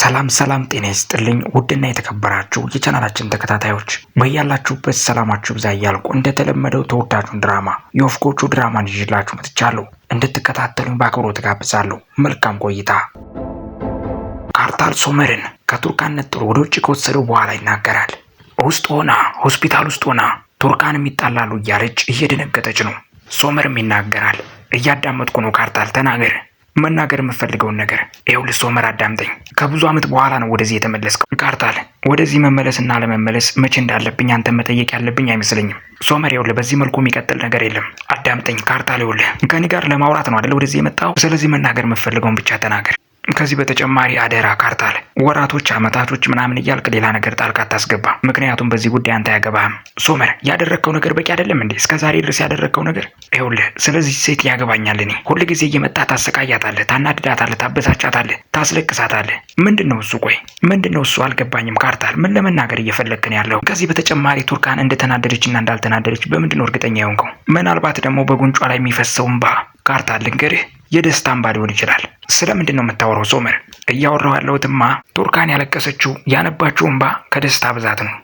ሰላም ሰላም፣ ጤና ይስጥልኝ ውድና የተከበራችሁ የቻናላችን ተከታታዮች በያላችሁበት ሰላማችሁ ብዛ እያልኩ እንደተለመደው ተወዳጁን ድራማ የወፍ ጎጆ ድራማን ይዤላችሁ መጥቻለሁ። እንድትከታተሉኝ በአክብሮት ጋብዛለሁ። መልካም ቆይታ። ካርታል ሶመርን ከቱርካን ነጥሎ ወደ ውጭ ከወሰደው በኋላ ይናገራል። ውስጥ ሆና ሆስፒታል ውስጥ ሆና ቱርካንም ይጣላሉ እያለች እየደነገጠች ነው። ሶመርም ይናገራል። እያዳመጥኩ ነው። ካርታል ተናገር መናገር የምፈልገውን ነገር ይኸውልህ ሶመር አዳምጠኝ። ከብዙ ዓመት በኋላ ነው ወደዚህ የተመለስከው። ካርታል ወደዚህ መመለስና ለመመለስ መቼ እንዳለብኝ አንተ መጠየቅ ያለብኝ አይመስለኝም። ሶመር ይኸውልህ፣ በዚህ መልኩ የሚቀጥል ነገር የለም። አዳምጠኝ ካርታል፣ ይኸውልህ ከኔ ጋር ለማውራት ነው አደለ ወደዚህ የመጣው። ስለዚህ መናገር የምፈልገውን ብቻ ተናገር። ከዚህ በተጨማሪ አደራ ካርታ አለ። ወራቶች፣ አመታቶች ምናምን እያልክ ሌላ ነገር ጣልቃ አታስገባ። ምክንያቱም በዚህ ጉዳይ አንተ አያገባህም። ሶመር፣ ያደረግከው ነገር በቂ አይደለም እንዴ? እስከ ዛሬ ድረስ ያደረግከው ነገር ይኸውልህ። ስለዚህ ሴት ያገባኛል እኔ ጊዜ እየመጣ ታሰቃያታለህ፣ ታናድዳታለህ፣ ታበሳጫታለህ፣ ታስለቅሳታለህ። ምንድን ነው እሱ? ቆይ ምንድን ነው እሱ? አልገባኝም። ካርታል፣ ምን ለመናገር እየፈለግክ ነው ያለው? ከዚህ በተጨማሪ ቱርካን እንደተናደደችና እንዳልተናደደች በምንድን ነው እርግጠኛ የሆንከው? ምናልባት ደግሞ በጉንጯ ላይ የሚፈሰውን ባ ካርታል፣ ልንገርህ የደስታ እንባ ሊሆን ይችላል። ስለምንድን ነው የምታወራው ሶመር? እያወራሁ ያለሁትማ ቱርካን ያለቀሰችው ያነባችው እንባ ከደስታ ብዛት ነው።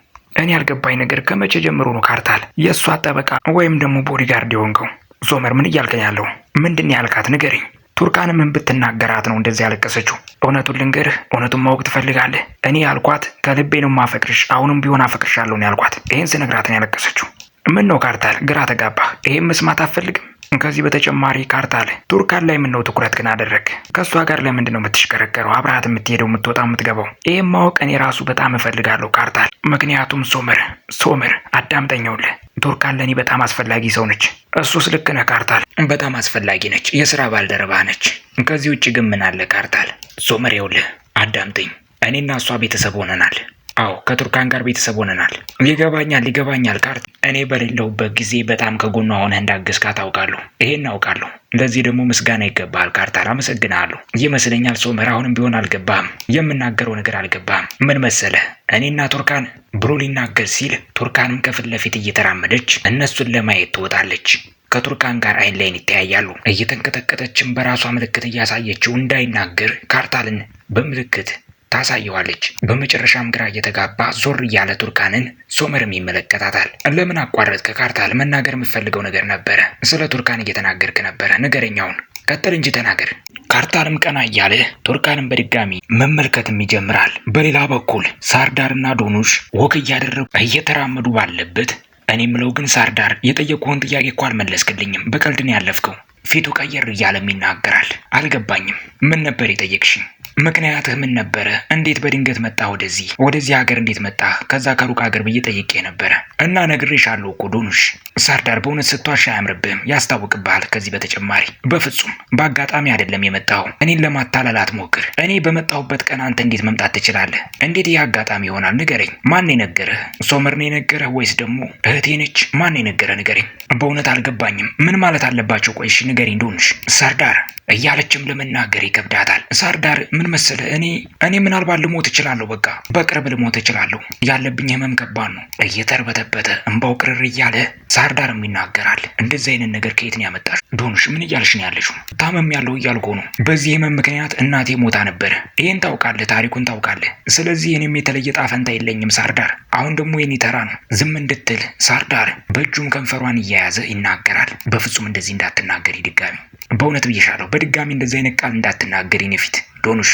እኔ ያልገባኝ ነገር ከመቼ ጀምሮ ነው ካርታል የእሷ ጠበቃ ወይም ደግሞ ቦዲጋርድ የሆንከው? ሶመር ምን እያልከኝ ያለው ምንድን ያልካት? ንገረኝ። ቱርካን ምን ብትናገራት ነው እንደዚህ ያለቀሰችው? እውነቱን ልንገርህ፣ እውነቱን ማወቅ ትፈልጋለህ? እኔ ያልኳት ከልቤ ነው ማፈቅርሽ፣ አሁንም ቢሆን አፈቅርሻለሁ ነው ያልኳት። ይህን ስነግራትን ያለቀሰችው ምን ነው ካርታል፣ ግራ ተጋባህ። ይህም መስማት አትፈልግም? ከዚህ በተጨማሪ ካርታል ቱርካን ላይ ምነው ትኩረት ግን አደረግ? ከእሷ ጋር ለምንድን ነው የምትሽከረከረው? አብረሃት የምትሄደው የምትወጣ የምትገባው? ይህም ማወቅ እኔ ራሱ በጣም እፈልጋለሁ ካርታል። ምክንያቱም ሶመር ሶመር አዳምጠኛውልህ ቱርካን ለእኔ በጣም አስፈላጊ ሰው ነች። እሱስ ልክ ነህ ካርታል፣ በጣም አስፈላጊ ነች። የስራ ባልደረባ ነች። ከዚህ ውጭ ግን ምን አለ ካርታል? ሶመር ይኸውልህ፣ አዳምጠኝ። እኔና እሷ ቤተሰብ ሆነናል። አዎ ከቱርካን ጋር ቤተሰብ ሆነናል። ይገባኛል ይገባኛል። ካርት እኔ በሌለሁበት ጊዜ በጣም ከጎኗ ሆነ እንዳገዝካት ታውቃለሁ ይሄን አውቃለሁ። ለዚህ ደግሞ ምስጋና ይገባሃል ካርታር፣ አመሰግናለሁ። ይመስለኛል ሶመር፣ አሁንም ቢሆን አልገባህም፣ የምናገረው ነገር አልገባህም። ምን መሰለህ እኔና ቱርካን ብሎ ሊናገር ሲል ቱርካንም ከፊት ለፊት እየተራመደች እነሱን ለማየት ትወጣለች። ከቱርካን ጋር አይን ላይን ይተያያሉ። እየተንቀጠቀጠችም በራሷ ምልክት እያሳየችው እንዳይናገር ካርታልን በምልክት ታሳየዋለች። በመጨረሻም ግራ እየተጋባ ዞር እያለ ቱርካንን ሶመርም ይመለከታታል። ለምን አቋረጥክ ካርታል? መናገር የምፈልገው ነገር ነበረ። ስለ ቱርካን እየተናገርክ ነበረ፣ ንገረኛውን ቀጥል እንጂ ተናገር። ካርታልም ቀና እያለ ቱርካንም በድጋሚ መመልከትም ይጀምራል። በሌላ በኩል ሳርዳርና ዶኑሽ ወግ እያደረጉ እየተራመዱ ባለበት እኔ ምለው ግን ሳርዳር የጠየቁህን ጥያቄ እኮ አልመለስክልኝም፣ በቀልድን ያለፍከው። ፊቱ ቀየር እያለም ይናገራል። አልገባኝም። ምን ነበር የጠየቅሽኝ? ምክንያትህ ምን ነበረ? እንዴት በድንገት መጣ ወደዚህ ወደዚህ ሀገር እንዴት መጣ? ከዛ ከሩቅ ሀገር ብዬ ጠይቄ ነበረ እና ነግሬሻለሁ እኮ ዶኑሽ፣ ሳርዳር በእውነት ስትዋሽ አያምርብህም፣ ያስታውቅብሃል። ከዚህ በተጨማሪ በፍጹም በአጋጣሚ አይደለም የመጣው። እኔን ለማታለል አትሞክር። እኔ በመጣሁበት ቀን አንተ እንዴት መምጣት ትችላለህ? እንዴት ይህ አጋጣሚ ይሆናል? ንገረኝ። ማን የነገረህ? ሶመር ነው የነገረህ ወይስ ደግሞ እህቴ ነች? ማን የነገረህ? ንገረኝ። በእውነት አልገባኝም። ምን ማለት አለባቸው? ቆይሽ ንገረኝ ዶኑሽ። ሳርዳር እያለችም ለመናገር ይከብዳታል። ሳርዳር ምን መሰለ እኔ እኔ ምናልባት ልሞት እችላለሁ። በቃ በቅርብ ልሞት እችላለሁ። ያለብኝ ህመም ከባድ ነው። እየተርበተበተ እንባው ቅርር እያለ ሳርዳርም ይናገራል። እንደዚህ አይነት ነገር ከየት ነው ያመጣሽ? ዶንሽ ምን እያልሽ ነው ያለሽው? ታመም ያለው እያልኩ ነው። በዚህ ህመም ምክንያት እናቴ ሞታ ነበረ። ይህን ታውቃለህ፣ ታሪኩን ታውቃለህ። ስለዚህ እኔም የተለየ ጣፈንታ የለኝም ሳርዳር። አሁን ደግሞ የኔ ተራ ነው ዝም እንድትል ሳርዳር በእጁም ከንፈሯን እያያዘ ይናገራል። በፍጹም እንደዚህ እንዳትናገሪ ድጋሚ በእውነት ብዬሻለሁ። በድጋሚ እንደዚህ አይነት ቃል እንዳትናገሪ እኔ ፊት ዶኑሽ።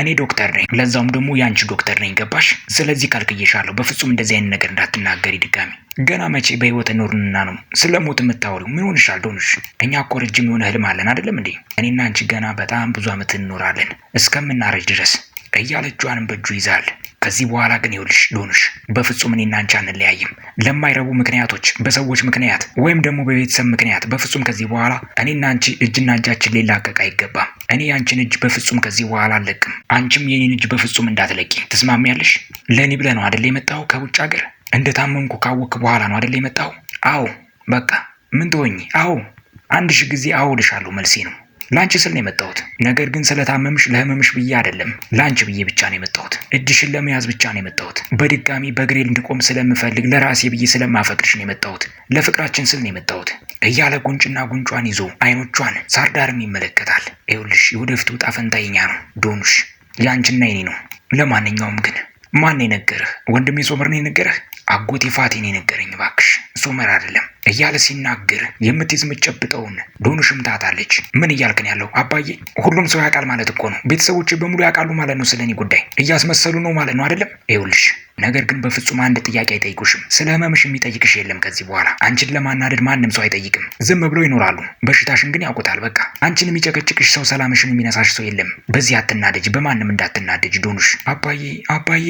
እኔ ዶክተር ነኝ፣ ለዛውም ደግሞ የአንቺ ዶክተር ነኝ። ገባሽ? ስለዚህ ካልክዬሻለሁ፣ በፍጹም እንደዚህ አይነት ነገር እንዳትናገሪ ድጋሚ። ገና መቼ በህይወት ኖርንና ነው ስለ ሞት የምታወሪው? ምን ሆንሻል ዶኑሽ? እኛ እኮ ረጅም የሆነ ህልም አለን አይደለም እንዴ? እኔና አንቺ ገና በጣም ብዙ ዓመት እንኖራለን እስከምናረጅ ድረስ እያለቿንም በእጁ ይዛል። ከዚህ በኋላ ግን ይውልሽ ዶኑሽ በፍጹም እኔና አንቺ አንለያይም። ለማይረቡ ምክንያቶች፣ በሰዎች ምክንያት ወይም ደግሞ በቤተሰብ ምክንያት በፍጹም ከዚህ በኋላ እኔና አንቺ እጅና እጃችን ሊላቀቅ አይገባም። እኔ የአንቺን እጅ በፍጹም ከዚህ በኋላ አልለቅም። አንቺም የኔን እጅ በፍጹም እንዳትለቂ። ትስማሚያለሽ? ለእኔ ብለህ ነው አደለ የመጣው ከውጭ ሀገር? እንደታመምኩ ካወቅክ በኋላ ነው አደለ የመጣው? አዎ። በቃ ምን ትሆኚ? አዎ። አንድ ሺ ጊዜ አዎ ልሻለሁ መልሴ ነው። ላንቺ ስል ነው የመጣሁት። ነገር ግን ስለታመምሽ ለህመምሽ ብዬ አይደለም ላንቺ ብዬ ብቻ ነው የመጣሁት። እጅሽን ለመያዝ ብቻ ነው የመጣሁት። በድጋሚ በእግሬ እንድቆም ስለምፈልግ ለራሴ ብዬ ስለማፈቅርሽ ነው የመጣሁት። ለፍቅራችን ስል ነው የመጣሁት እያለ ጉንጭና ጉንጯን ይዞ አይኖቿን ሳርዳርም ይመለከታል። ይኸውልሽ የወደፊቱ ዕጣ ፈንታ የኛ ነው ዶኑሽ፣ ያንቺና የኔ ነው። ለማንኛውም ግን ማን የነገረህ? ወንድሜ ሶመር ነው የነገረህ? አጎቴ ፋቴ የነገረኝ። እባክሽ ሶመር አይደለም እያለ ሲናገር የምትይዝ የምትጨብጠውን ዶኑሽም ታታለች። ምን እያልክን ያለው አባዬ? ሁሉም ሰው ያውቃል ማለት እኮ ነው። ቤተሰቦች በሙሉ ያውቃሉ ማለት ነው። ስለኔ ጉዳይ እያስመሰሉ ነው ማለት ነው አይደለም? ይኸውልሽ፣ ነገር ግን በፍጹም አንድ ጥያቄ አይጠይቁሽም። ስለ ህመምሽ የሚጠይቅሽ የለም ከዚህ በኋላ። አንቺን ለማናደድ ማንም ሰው አይጠይቅም። ዝም ብለው ይኖራሉ። በሽታሽን ግን ያውቁታል። በቃ አንቺን የሚጨቀጭቅሽ ሰው፣ ሰላምሽን የሚነሳሽ ሰው የለም። በዚህ አትናደጅ፣ በማንም እንዳትናደጅ ዶኑሽ። አባዬ አባዬ፣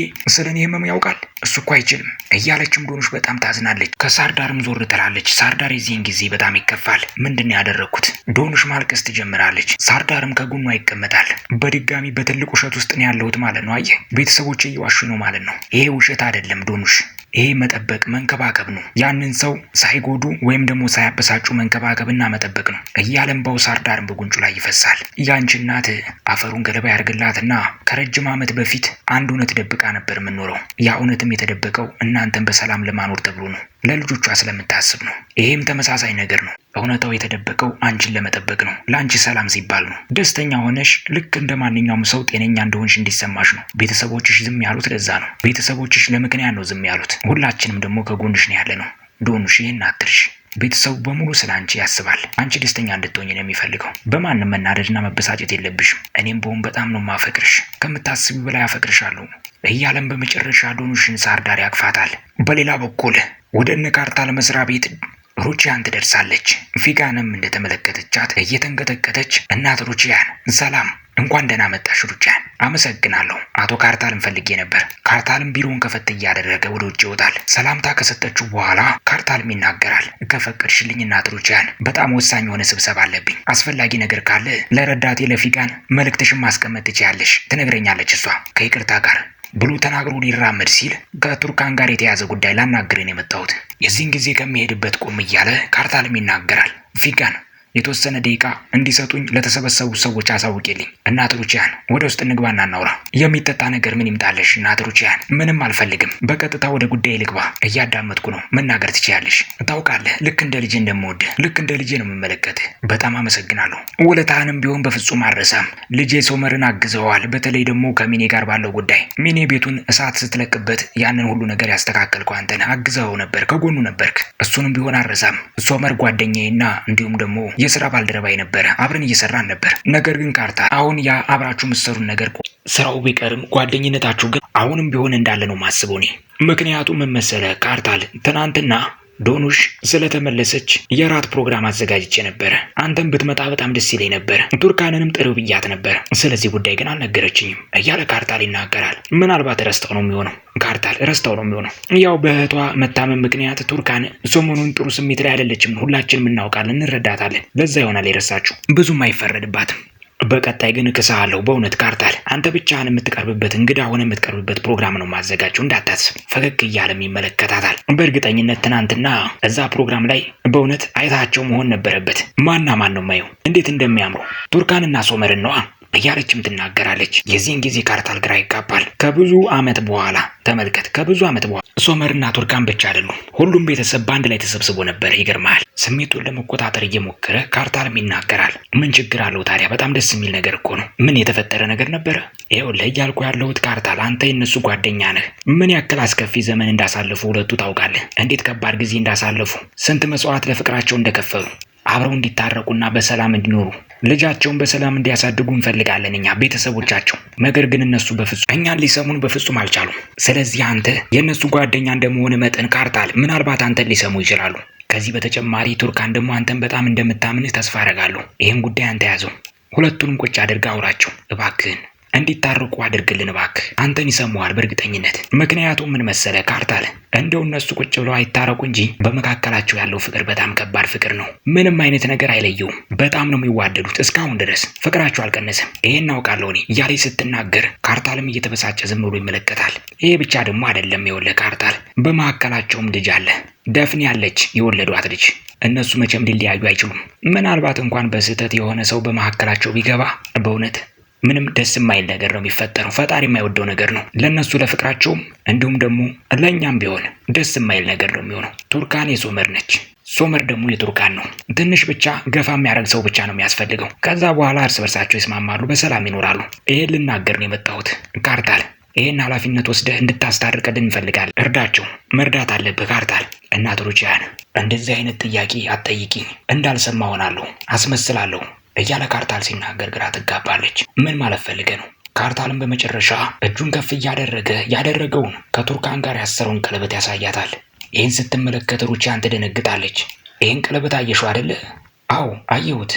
እኔ ህመም ያውቃል እሱ እኮ አይችልም እያለችም ዶኑሽ በጣም ታዝናለች። ከሳር ዳርም ዞር ትላለች። ትለዋለች። ሳርዳር የዚህን ጊዜ በጣም ይከፋል። ምንድን ያደረግኩት? ዶኑሽ ማልቀስ ትጀምራለች። ሳርዳርም ከጎኗ ይቀመጣል። በድጋሚ በትልቅ ውሸት ውስጥ ነው ያለሁት ማለት ነው። አየህ ቤተሰቦች እየዋሹ ነው ማለት ነው። ይሄ ውሸት አይደለም ዶኑሽ፣ ይሄ መጠበቅ መንከባከብ ነው። ያንን ሰው ሳይጎዱ ወይም ደግሞ ሳያበሳጩ መንከባከብና መጠበቅ ነው እያለም ባው ሳርዳርም በጉንጩ ላይ ይፈሳል። ያንቺ እናት አፈሩን ገለባ ያርግላትና ከረጅም ዓመት በፊት አንድ እውነት ደብቃ ነበር የምኖረው። ያ እውነትም የተደበቀው እናንተን በሰላም ለማኖር ተብሎ ነው። ለልጆቿ ስለምታስብ ነው። ይሄም ተመሳሳይ ነገር ነው። እውነታው የተደበቀው አንቺን ለመጠበቅ ነው፣ ለአንቺ ሰላም ሲባል ነው። ደስተኛ ሆነሽ ልክ እንደ ማንኛውም ሰው ጤነኛ እንደሆንሽ እንዲሰማሽ ነው። ቤተሰቦችሽ ዝም ያሉት ለዛ ነው። ቤተሰቦችሽ ለምክንያት ነው ዝም ያሉት። ሁላችንም ደግሞ ከጎንሽ ነው ያለ ነው። ዶኑሽ፣ ይህን አትርሽ። ቤተሰቡ በሙሉ ስለ አንቺ ያስባል። አንቺ ደስተኛ እንድትሆኝ ነው የሚፈልገው። በማንም መናደድና መበሳጨት የለብሽም። እኔም በሆን በጣም ነው ማፈቅርሽ። ከምታስቢ በላይ አፈቅርሻለሁ። እያለም በመጨረሻ ዶኑሽን ሳር ዳር ያቅፋታል። በሌላ በኩል ወደ እነ ካርታል መስሪያ ቤት ሩቺያን ትደርሳለች። ፊጋንም እንደተመለከተቻት እየተንቀጠቀጠች እናት ሩቺያን፣ ሰላም እንኳን ደህና መጣሽ ሩቺያን። አመሰግናለሁ አቶ ካርታልን ፈልጌ ነበር። ካርታልም ቢሮውን ከፈት እያደረገ ወደ ውጭ ይወጣል። ሰላምታ ከሰጠችው በኋላ ካርታልም ይናገራል። ከፈቀድሽልኝ እናት ሩቺያን፣ በጣም ወሳኝ የሆነ ስብሰባ አለብኝ። አስፈላጊ ነገር ካለ ለረዳቴ ለፊጋን መልእክትሽን ማስቀመጥ ትችያለሽ፣ ትነግረኛለች እሷ ከይቅርታ ጋር ብሎ ተናግሮ ሊራመድ ሲል ከቱርካን ጋር የተያዘ ጉዳይ ላናግረን የመጣሁት የዚህን ጊዜ ከሚሄድበት ቁም እያለ ካርታልም ይናገራል። ቪጋን የተወሰነ ደቂቃ እንዲሰጡኝ ለተሰበሰቡ ሰዎች አሳውቂልኝ። እናት ሩቺያን፣ ወደ ውስጥ እንግባና እናውራ። የሚጠጣ ነገር ምን ይምጣለሽ? እናት ሩቺያን፣ ምንም አልፈልግም። በቀጥታ ወደ ጉዳይ ልግባ። እያዳመጥኩ ነው። መናገር ትችያለሽ። ታውቃለህ፣ ልክ እንደ ልጅ እንደምወድ፣ ልክ እንደ ልጄ ነው የምመለከትህ። በጣም አመሰግናለሁ። ውለታህንም ቢሆን በፍጹም አልረሳም። ልጄ ሶመርን አግዘዋል። በተለይ ደግሞ ከሚኔ ጋር ባለው ጉዳይ። ሚኔ ቤቱን እሳት ስትለቅበት ያንን ሁሉ ነገር ያስተካከልኩ አንተን አግዘኸው ነበር፣ ከጎኑ ነበርክ። እሱንም ቢሆን አልረሳም። ሶመር ጓደኛዬና እንዲሁም ደግሞ የስራ ባልደረባ ነበረ። አብረን እየሰራን ነበር። ነገር ግን ካርታ አሁን ያ አብራችሁ የምትሰሩን ነገር ስራው ቢቀርም ጓደኝነታችሁ ግን አሁንም ቢሆን እንዳለ ነው ማስበው እኔ። ምክንያቱም መሰለ ካርታል ትናንትና ዶኑሽ ስለተመለሰች የራት ፕሮግራም አዘጋጅቼ ነበረ። አንተም ብትመጣ በጣም ደስ ይለኝ ነበር። ቱርካንንም ጥሪው ብያት ነበር። ስለዚህ ጉዳይ ግን አልነገረችኝም እያለ ካርታል ይናገራል። ምናልባት ረስተው ነው የሚሆነው ካርታል ረስተው ነው የሚሆነው። ያው በእህቷ መታመም ምክንያት ቱርካን ሰሞኑን ጥሩ ስሜት ላይ አይደለችም። ሁላችንም እናውቃለን፣ እንረዳታለን። ለዛ ይሆናል የረሳችሁ። ብዙም አይፈረድባትም። በቀጣይ ግን እክስሃለሁ። በእውነት ካርታል፣ አንተ ብቻህን የምትቀርብበት እንግዳ ሆነ የምትቀርብበት ፕሮግራም ነው ማዘጋጀው፣ እንዳታስብ። ፈገግ እያለም ይመለከታታል። በእርግጠኝነት ትናንትና እዛ ፕሮግራም ላይ በእውነት አይታቸው መሆን ነበረበት። ማና ማን ነው ማየው? እንዴት እንደሚያምሩ ቱርካንና ሶመርን ነዋ። እያለችም ትናገራለች። የዚህን ጊዜ ካርታል ግራ ይጋባል። ከብዙ ዓመት በኋላ ተመልከት፣ ከብዙ ዓመት በኋላ ሶመርና ቱርካን ብቻ አይደሉም። ሁሉም ቤተሰብ በአንድ ላይ ተሰብስቦ ነበር። ይገርማል። ስሜቱን ለመቆጣጠር እየሞከረ ካርታልም ይናገራል። ምን ችግር አለው ታዲያ? በጣም ደስ የሚል ነገር እኮ ነው። ምን የተፈጠረ ነገር ነበረ? ይኸውልህ እያልኩ ያለሁት ካርታል፣ አንተ የእነሱ ጓደኛ ነህ። ምን ያክል አስከፊ ዘመን እንዳሳለፉ ሁለቱ ታውቃለህ። እንዴት ከባድ ጊዜ እንዳሳለፉ፣ ስንት መስዋዕት ለፍቅራቸው እንደከፈሉ፣ አብረው እንዲታረቁና በሰላም እንዲኖሩ ልጃቸውን በሰላም እንዲያሳድጉ እንፈልጋለን እኛ ቤተሰቦቻቸው። ነገር ግን እነሱ በፍጹም እኛን ሊሰሙን በፍጹም አልቻሉም። ስለዚህ አንተ የእነሱ ጓደኛ እንደመሆነ መጠን ካርታል፣ ምናልባት አንተን ሊሰሙ ይችላሉ። ከዚህ በተጨማሪ ቱርካን ደግሞ አንተን በጣም እንደምታምንህ ተስፋ አደርጋለሁ። ይህን ጉዳይ አንተ ያዘው። ሁለቱንም ቁጭ አድርገህ አውራቸው እባክህን። እንዲታረቁ አድርግልን እባክህ። አንተን ይሰማዋል በእርግጠኝነት። ምክንያቱም ምን መሰለ ካርታል፣ እንደው እነሱ ቁጭ ብለው አይታረቁ እንጂ በመካከላቸው ያለው ፍቅር በጣም ከባድ ፍቅር ነው። ምንም አይነት ነገር አይለየውም። በጣም ነው የሚዋደዱት እስካሁን ድረስ ፍቅራቸው አልቀነሰም። ይሄን እናውቃለሁ እኔ እያለች ስትናገር ካርታልም እየተበሳጨ ዝም ብሎ ይመለከታል። ይሄ ብቻ ደግሞ አይደለም። የወለ ካርታል በመካከላቸውም ልጅ አለ ደፍን ያለች የወለዷት ልጅ። እነሱ መቼም ሊለያዩ አይችሉም። ምናልባት እንኳን በስህተት የሆነ ሰው በመካከላቸው ቢገባ በእውነት ምንም ደስ የማይል ነገር ነው የሚፈጠረው። ፈጣሪ የማይወደው ነገር ነው ለእነሱ ለፍቅራቸውም፣ እንዲሁም ደግሞ ለእኛም ቢሆን ደስ የማይል ነገር ነው የሚሆነው። ቱርካን የሶመር ነች፣ ሶመር ደግሞ የቱርካን ነው። ትንሽ ብቻ ገፋ የሚያደርግ ሰው ብቻ ነው የሚያስፈልገው። ከዛ በኋላ እርስ በርሳቸው ይስማማሉ፣ በሰላም ይኖራሉ። ይሄን ልናገር ነው የመጣሁት ካርታል። ይህን ኃላፊነት ወስደህ እንድታስታርቅልን እንፈልጋለን። እርዳቸው፣ መርዳት አለብህ ካርታል። እናት ሩቺያን፣ እንደዚህ አይነት ጥያቄ አትጠይቂኝ፣ እንዳልሰማ ሆናለሁ፣ አስመስላለሁ እያለ ካርታል ሲናገር ግራ ትጋባለች። ምን ማለት ፈልገ ነው? ካርታልም በመጨረሻ እጁን ከፍ እያደረገ ያደረገውን ከቱርካን ጋር ያሰረውን ቀለበት ያሳያታል። ይህን ስትመለከት ሩቺያን ትደነግጣለች። ይህን ቀለበት አየሽው አይደለ? አዎ አየሁት።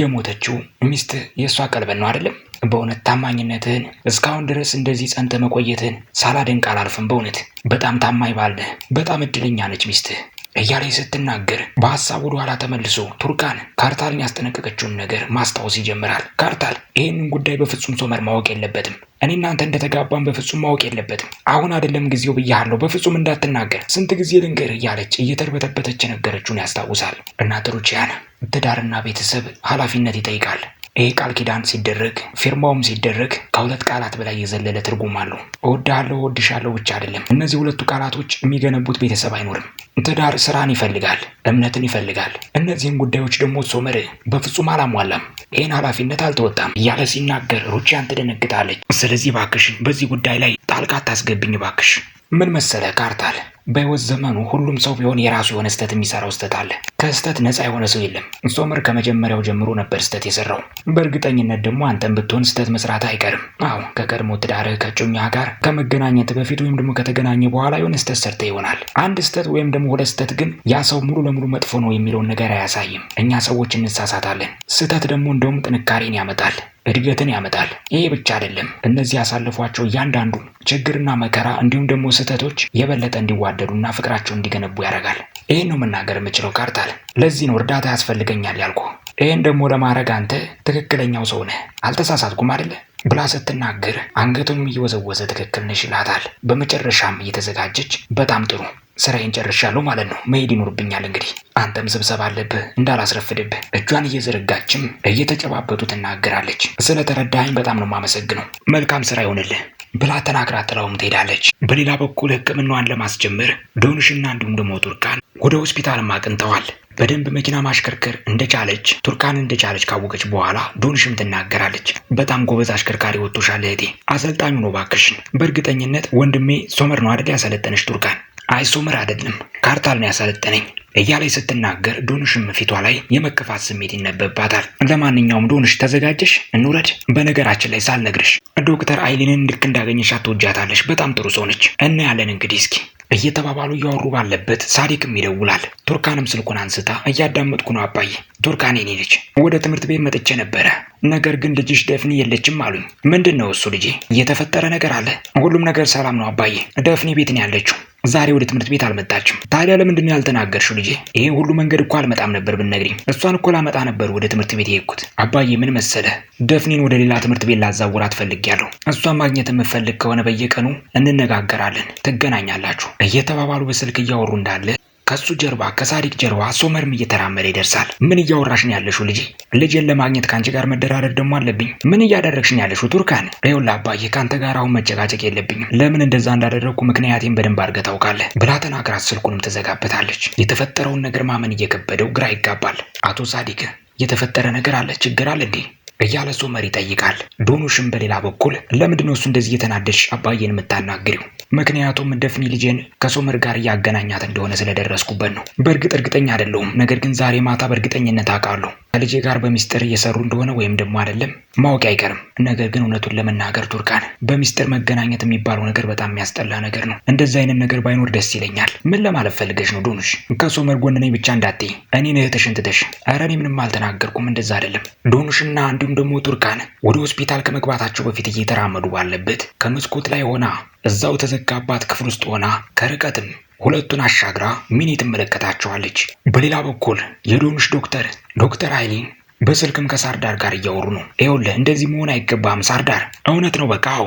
የሞተችው ሚስት የእሷ ቀለበት ነው አይደለም? በእውነት ታማኝነትህን እስካሁን ድረስ እንደዚህ ጸንተ መቆየትህን ሳላደንቅ አላልፍም። በእውነት በጣም ታማኝ ባልነህ። በጣም እድለኛ ነች ሚስትህ። እያለች ስትናገር በሀሳብ ወደ ኋላ ተመልሶ ቱርካን ካርታልን ያስጠነቀቀችውን ነገር ማስታወስ ይጀምራል። ካርታል ይህንን ጉዳይ በፍጹም ሶመር ማወቅ የለበትም እኔ እናንተ እንደተጋባን በፍጹም ማወቅ የለበትም። አሁን አይደለም ጊዜው ብያሃለሁ፣ በፍጹም እንዳትናገር፣ ስንት ጊዜ ልንገር እያለች እየተርበተበተች የነገረችውን ያስታውሳል። እናተሮች ያነ ትዳርና ቤተሰብ ኃላፊነት ይጠይቃል። ይሄ ቃል ኪዳን ሲደረግ ፊርማውም ሲደረግ ከሁለት ቃላት በላይ የዘለለ ትርጉም አለው። እወድሃለሁ፣ እወድሻለሁ ብቻ አይደለም። እነዚህ ሁለቱ ቃላቶች የሚገነቡት ቤተሰብ አይኖርም። ትዳር ስራን ይፈልጋል፣ እምነትን ይፈልጋል። እነዚህን ጉዳዮች ደግሞ ሶመር በፍጹም አላሟላም፣ ይህን ኃላፊነት አልተወጣም እያለ ሲናገር ሩቺያን ትደነግጣለች። ስለዚህ ባክሽ በዚህ ጉዳይ ላይ ጣልቃ አታስገብኝ ባክሽ። ምን መሰለ ካርታል በህይወት ዘመኑ ሁሉም ሰው ቢሆን የራሱ የሆነ ስህተት የሚሰራው ስህተት አለ። ከስህተት ነፃ የሆነ ሰው የለም። ሶመር ከመጀመሪያው ጀምሮ ነበር ስህተት የሰራው። በእርግጠኝነት ደግሞ አንተም ብትሆን ስህተት መስራት አይቀርም። አዎ ከቀድሞ ትዳርህ ከጮኛ ጋር ከመገናኘት በፊት ወይም ደግሞ ከተገናኘ በኋላ የሆነ ስህተት ሰርተ ይሆናል። አንድ ስህተት ወይም ደግሞ ሁለት ስህተት ግን ያ ሰው ሙሉ ለሙሉ መጥፎ ነው የሚለውን ነገር አያሳይም። እኛ ሰዎች እንሳሳታለን። ስህተት ደግሞ እንደውም ጥንካሬን ያመጣል። እድገትን ያመጣል። ይሄ ብቻ አይደለም። እነዚህ ያሳለፏቸው እያንዳንዱ ችግርና መከራ እንዲሁም ደግሞ ስህተቶች የበለጠ እንዲዋደዱና ፍቅራቸውን እንዲገነቡ ያደርጋል። ይህን ነው መናገር የምችለው ካርታል። ለዚህ ነው እርዳታ ያስፈልገኛል ያልኩ። ይህን ደግሞ ለማድረግ አንተ ትክክለኛው ሰው ነህ፣ አልተሳሳትኩም አይደለ ብላ ስትናገር አንገቱም እየወዘወዘ ትክክል ነሽ ይላታል። በመጨረሻም እየተዘጋጀች በጣም ጥሩ ስራዬን ጨርሻለሁ ማለት ነው። መሄድ ይኖርብኛል እንግዲህ። አንተም ስብሰባ አለብህ እንዳላስረፍድብህ። እጇን እየዘረጋችም እየተጨባበጡ ትናገራለች። ስለተረዳኸኝ በጣም ነው የማመሰግነው። መልካም ስራ ይሆንልህ ብላ ተናግራ ጥላውም ትሄዳለች። በሌላ በኩል ሕክምናዋን ለማስጀመር ዶንሽና እንዲሁም ደግሞ ቱርካን ወደ ሆስፒታልም አቅንተዋል። በደንብ መኪና ማሽከርከር እንደቻለች ቱርካን እንደቻለች ካወቀች በኋላ ዶንሽም ትናገራለች። በጣም ጎበዝ አሽከርካሪ ወጥቶሻል እህቴ፣ አሰልጣኙ ነው እባክሽን። በእርግጠኝነት ወንድሜ ሶመር ነው አደል ያሰለጠነች ቱርካን አይሶምር አይደለም ካርታል ነው ያሰለጠነኝ እያለች ስትናገር ዶንሽም ፊቷ ላይ የመከፋት ስሜት ይነበባታል። ለማንኛውም ዶንሽ ተዘጋጀሽ? እንውረድ። በነገራችን ላይ ሳልነግርሽ ዶክተር አይሊንን ልክ እንዳገኘሽ አትወጃታለሽ። በጣም ጥሩ ሰው ነች። እናያለን እንግዲህ እስኪ እየተባባሉ እያወሩ ባለበት ሳዲቅም ይደውላል። ቱርካንም ስልኩን አንስታ እያዳመጥኩ ነው አባዬ። ቱርካን የኔ ልጅ ወደ ትምህርት ቤት መጥቼ ነበረ ነገር ግን ልጅሽ ደፍኒ የለችም አሉኝ። ምንድን ነው እሱ? ልጄ የተፈጠረ ነገር አለ? ሁሉም ነገር ሰላም ነው አባዬ። ደፍኒ ቤት ነው ያለችው። ዛሬ ወደ ትምህርት ቤት አልመጣችም። ታዲያ ለምንድን ነው ያልተናገርሽው ልጄ? ይሄ ሁሉ መንገድ እኮ አልመጣም ነበር ብነግሪኝ። እሷን እኮ ላመጣ ነበር ወደ ትምህርት ቤት የሄድኩት አባዬ። ምን መሰለ ደፍኒን ወደ ሌላ ትምህርት ቤት ላዛውራት ፈልጌያለሁ። እሷን ማግኘት የምፈልግ ከሆነ በየቀኑ እንነጋገራለን፣ ትገናኛላችሁ እየተባባሉ በስልክ እያወሩ እንዳለ ከሱ ጀርባ ከሳዲቅ ጀርባ ሶመርም እየተራመደ ይደርሳል። ምን እያወራሽ ነው ያለሽው ልጄ? ልጄን ለማግኘት ከአንቺ ጋር መደራደር ደግሞ አለብኝ። ምን እያደረግሽ ነው ያለሽው ቱርካን? ይኸውልህ አባዬ ከአንተ ጋር አሁን መጨቃጨቅ የለብኝም። ለምን እንደዛ እንዳደረግኩ ምክንያቴን በደንብ አድርገህ ታውቃለህ ብላ ተናግራት ስልኩንም ትዘጋበታለች። የተፈጠረውን ነገር ማመን እየከበደው ግራ ይጋባል። አቶ ሳዲቅ የተፈጠረ ነገር አለ ችግር አለ እንዴ እያለ ሶመር ይጠይቃል። ዶኑሽም በሌላ በኩል ለምንድነው እሱ እንደዚህ እየተናደድሽ አባዬን የምታናግሪው ምክንያቱም ደፍኒ ልጄን ከሶመር ጋር እያገናኛት እንደሆነ ስለደረስኩበት ነው። በእርግጥ እርግጠኛ አይደለሁም፣ ነገር ግን ዛሬ ማታ በእርግጠኝነት አውቃለሁ ከልጄ ጋር በሚስጥር እየሰሩ እንደሆነ ወይም ደግሞ አይደለም ማወቅ አይቀርም። ነገር ግን እውነቱን ለመናገር ቱርካን፣ በሚስጥር መገናኘት የሚባለው ነገር በጣም የሚያስጠላ ነገር ነው። እንደዚህ አይነት ነገር ባይኖር ደስ ይለኛል። ምን ለማለት ፈልገሽ ነው ዶኑሽ? ከሶመር ጎን ነኝ ብቻ እንዳትዪ። እኔን እህትሽን ትተሽ። ኧረ እኔ ምንም አልተናገርኩም፣ እንደዛ አይደለም። ዶኑሽና እንዲሁም ደግሞ ቱርካን ወደ ሆስፒታል ከመግባታቸው በፊት እየተራመዱ ባለበት ከመስኮት ላይ ሆና እዛው ተዘጋባት ክፍል ውስጥ ሆና ከርቀትም ሁለቱን አሻግራ ሚኒ ትመለከታቸዋለች። በሌላ በኩል የዶንሽ ዶክተር ዶክተር አይሊን በስልክም ከሳርዳር ጋር እያወሩ ነው። ይኸውልህ እንደዚህ መሆን አይገባም ሳርዳር፣ እውነት ነው በቃ አዎ፣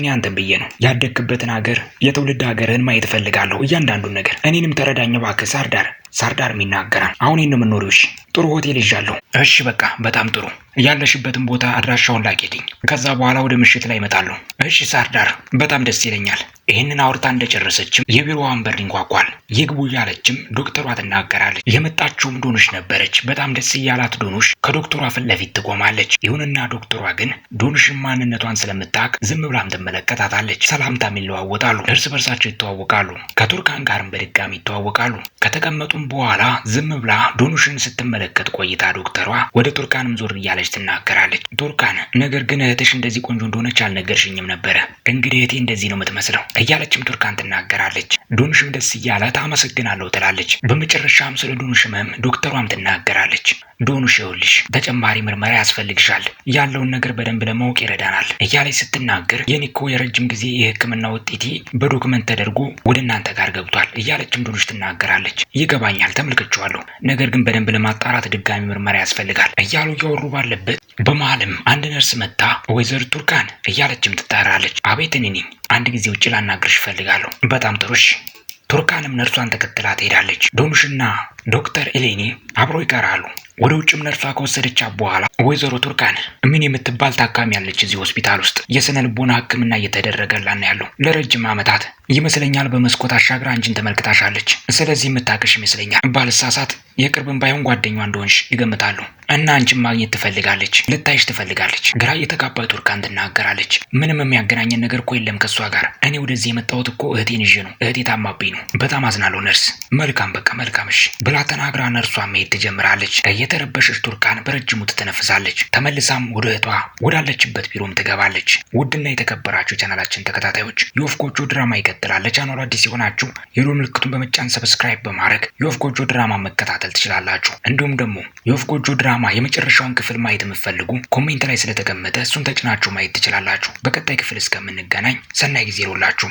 እኔ ያንተን ብዬ ነው። ያደግክበትን ሀገር፣ የትውልድ ሀገርህን ማየት እፈልጋለሁ፣ እያንዳንዱን ነገር። እኔንም ተረዳኝ እባክህ ሳርዳር ሳርዳርም ይናገራል። አሁን ይህን የምኖሪው እሺ፣ ጥሩ ሆቴል ይዣለሁ። እሺ በቃ በጣም ጥሩ። ያለሽበትን ቦታ አድራሻውን ላኪልኝ። ከዛ በኋላ ወደ ምሽት ላይ እመጣለሁ። እሺ ሳርዳር፣ በጣም ደስ ይለኛል። ይህንን አውርታ እንደጨረሰችም የቢሮዋን በር ይንኳኳል። ይግቡ እያለችም ዶክተሯ ትናገራለች። የመጣችውም ዶኖሽ ነበረች። በጣም ደስ እያላት ዶኖሽ ከዶክተሯ ፊት ለፊት ትቆማለች። ይሁንና ዶክተሯ ግን ዶኖሽን ማንነቷን ስለምታውቅ ዝም ብላም ትመለከታታለች። ሰላምታም ይለዋወጣሉ። እርስ በርሳቸው ይተዋወቃሉ። ከቱርካን ጋርም በድጋሚ ይተዋወቃሉ። ከተቀመጡም በኋላ ዝም ብላ ዶኖሽን ስትመለከት ቆይታ ዶክተሯ ወደ ቱርካንም ዞር እያለች ትናገራለች። ቱርካን ነገር ግን እህትሽ እንደዚህ ቆንጆ እንደሆነች አልነገርሽኝም ነበረ። እንግዲህ እህቴ እንደዚህ ነው የምትመስለው እያለችም ቱርካን ትናገራለች። ዱንሽም ደስ እያላት አመሰግናለሁ ትላለች። በመጨረሻም ስለ ዶኑሽ ህመም ዶክተሯም ትናገራለች። ዶኑሽ ይኸውልሽ ተጨማሪ ምርመራ ያስፈልግሻል፣ ያለውን ነገር በደንብ ለማወቅ ይረዳናል እያለች ስትናገር የኒኮ የረጅም ጊዜ የህክምና ውጤቴ በዶክመንት ተደርጎ ወደ እናንተ ጋር ገብቷል እያለችም ዶኑሽ ትናገራለች። ይገባኛል፣ ተመልክቼዋለሁ፣ ነገር ግን በደንብ ለማጣራት ድጋሚ ምርመራ ያስፈልጋል እያሉ እያወሩ ባለበት በመሀልም አንድ ነርስ መታ ወይዘሮ ቱርካን እያለችም ትጠራለች። አቤት እኔ ነኝ አንድ ጊዜ ውጭ ላናግርሽ እፈልጋለሁ። በጣም ጥሩሽ። ቱርካንም ነርሷን ተከትላ ትሄዳለች። ዶኑሽና ዶክተር ኤሌኒ አብሮ ይቀራሉ። ወደ ውጭም ነርሷ ከወሰደቻ በኋላ ወይዘሮ ቱርካን ምን የምትባል ታካሚ ያለች እዚህ ሆስፒታል ውስጥ የስነ ልቦና ሕክምና እየተደረገላና ያለው ለረጅም ዓመታት ይመስለኛል። በመስኮት አሻግራ አንቺን ተመልክታሻለች። ስለዚህ የምታቅሽ ይመስለኛል። ባልሳሳት የቅርብን ባይሆን ጓደኛ እንደሆንሽ ይገምታሉ እና አንቺን ማግኘት ትፈልጋለች፣ ልታይሽ ትፈልጋለች። ግራ የተጋባይ ቱርካን ትናገራለች። ምንም የሚያገናኘን ነገር እኮ የለም ከእሷ ጋር። እኔ ወደዚህ የመጣሁት እኮ እህቴን ይዤ ነው። እህቴ ታማብኝ ነው። በጣም አዝናለሁ ነርስ። መልካም በቃ መልካምሽ ብላ ተናግራ ነርሷ መሄድ ትጀምራለች። የተረበሸች ቱርካን በረጅሙ ትተነፍሳለች። ተመልሳም ወደ እህቷ ወዳለችበት ቢሮም ትገባለች። ውድና የተከበራችሁ ቻናላችን ተከታታዮች የወፍ ጎጆ ድራማ ይቀጥላል። ለቻናሉ አዲስ የሆናችሁ የደወል ምልክቱን በመጫን ሰብስክራይብ በማድረግ የወፍ ጎጆ ድራማ መከታተል ትችላላችሁ። እንዲሁም ደግሞ የወፍ ጎጆ ድራማ የመጨረሻውን ክፍል ማየት የምትፈልጉ ኮሜንት ላይ ስለተቀመጠ እሱን ተጭናችሁ ማየት ትችላላችሁ። በቀጣይ ክፍል እስከምንገናኝ ሰናይ ጊዜ ይሁንላችሁ።